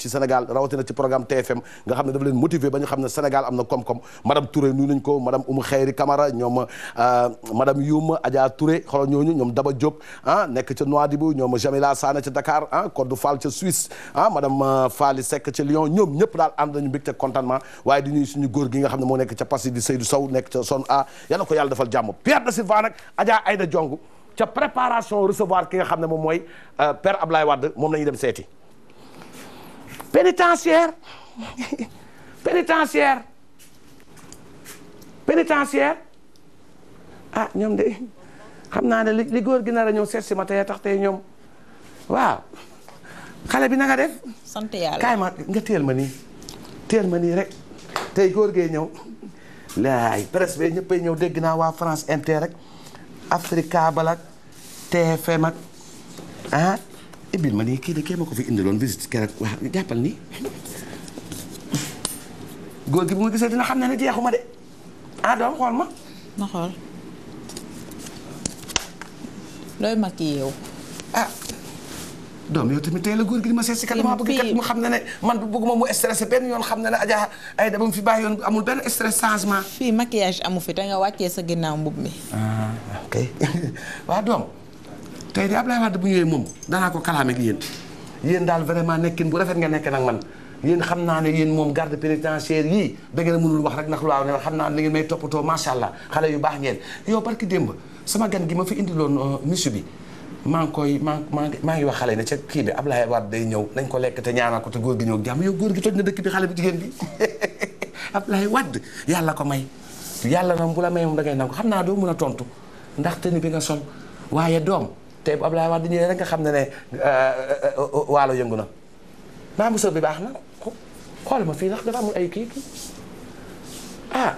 ci Sénégal rawatina ci programme TFM nga xam ne dafa leen motiver ba ñu xam ne Sénégal am na koom-koom madame Touré nuyu nañ ko madame Oumou Khayri Camara ñoom euh, madame Youm Adja Touré xoolal ñooñu ñoom Daba Diop ah nekk ca Nouadhibou ñoom Jamila Sané ca Dakar ah Codou Fall ca Suisse ah madame euh, Fally Seck ca Lyon ñoom ñëpp daal ànd nañu mbégte contentement waaye di ñuy suñu góor gi nga xam ne moo nekk ca Passy di Seydou nekk ca Son A yal na ko yàlla defal jàmm Pierre de Silva nag Adja Aïda Diongue ca préparation recevoir ki nga xam ne moom mooy euh, Père Ablaye Wade moom la ñuy dem seeti pénitentiaire pénitentiaire pénitentiaire ah ñoom de xam naa ne li góor gi nar a ñëw seet si ma tey tax tey ñoom waaw xale bi na def. sant yàlla kaay ma nga teel ma nii teel ma nii rek tey góor gee ñëw. laay presse bi ñëppay ñëw dégg naa waa France Inter rek Africa balak TFM ak ah. ibbil ma ni kii de kee ma ko fi indiloon visite keroog waaw jàppal nii góor gi bu ma gisee dina xam ne ne jeexuma de ah doom xool ma. ma xool looy mag yow. ah doom yow tamit tey la góor gi di ma seet si kat damaa bëgg kat mu xam ne ne man bëgguma mu stressé benn yoon xam ne ne Adja ay da fi bàyyi yoon amul benn stress changement. fii maquillage amu fi te nga wàccee sa ginnaaw mbub mi. ah doom. tey de Ablaye Wade bu ñëwee moom danaa ko kalaameeg yéen yéen daal vraiment nekkin bu rafet nga nekk nag man yéen xam naa ne yéen moom garde pénitentiaire yii da ngeen mënul wax rek ndax lu waaw ne xam naa ne may toppatoo macha allah xale yu baax ngeen yow barki démb sama gan gi ma fi indiloon euh, misu bi maa ngi koy maa maa ngi wax xale ne ca kii bi Ablaye Wade day ñëw nañ ko lekk te ñaanal ko te góor gi ñëw jàmm yow góor gi toj na dëkk bi xale bi jigéen bi Ablaye Wade yàlla ko may yàlla moom bu la may moom da ngay nangu xam naa doo mën a tontu ndax te ni bi nga sol waaye doom te bu Abdoulaye Wade ñëwee rek nga xam ne ne euh, euh, euh, waalo yëngu na maa mu sëb bi baax na xool ma fii ndax dafa amul ay kii kii ah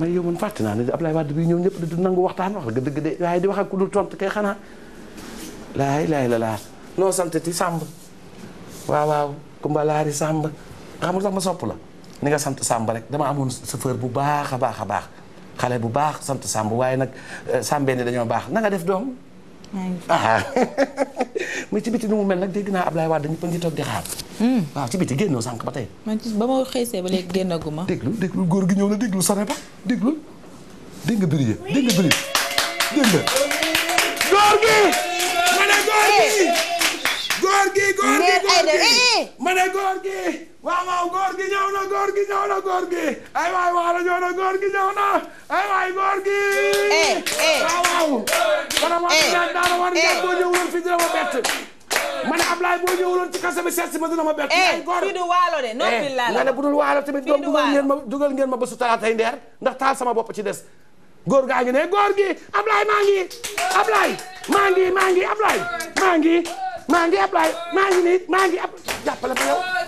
may yow man fàtte naa ne Abdoulaye Wade bi ñëw ñëpp di nangu waxtaan wax dëgg de waaye di wax a ku dul tontu kay xanaa laay laay la laa noo santati sàmb waaw waaw kumba laari sàmb xamul sax ma sopp la ni nga sant sàmb rek dama amoon chauffeur bu baax a baax a baax xale bu baax sant Samb waaye nag euh, Sambeen ni dañoo baax na def doom. ah muy ci biti nu mu mel nag dégg naa Ablaye Wade ñëpp a ngi toog di xaar. Hmm. waaw ci biti génnoo sànq ba tey. ba ma xëysee ba léegi génnaguma. déglu déglu góor gi ñëw na déglu sore ba dégg nga bëri dégg nga bëri góor gi ma ne góor gi. góor gi góor gi góor gi eh, eh. ma ne góor gi waaw waaw góor gi ñëw na góor gi ñëw na góor gi ay waay waalo ñëw na góor gi ñëw na ay waay góor gi eh, waaw waaw mana wa ñaan daara war ñaan boo ñëwuloon fii dina ma bett ma ne Ablaye boo ñëwuloon ci kase bi seet si ma dina ma bett ay góor fii du waalo de non billahi nga ne bu dul waalo tamit doom dugal ngeen ma dugal ngeen ma bésu talaatay ndeer ndax taal sama bopp ci des góor gaa ngi ne góor gi Ablaye maa ngi Ablaye maa ngi maa ngi Ablaye maa ngi maa ngi Ablaye maa ngi nii maa ngi ab jàppale ma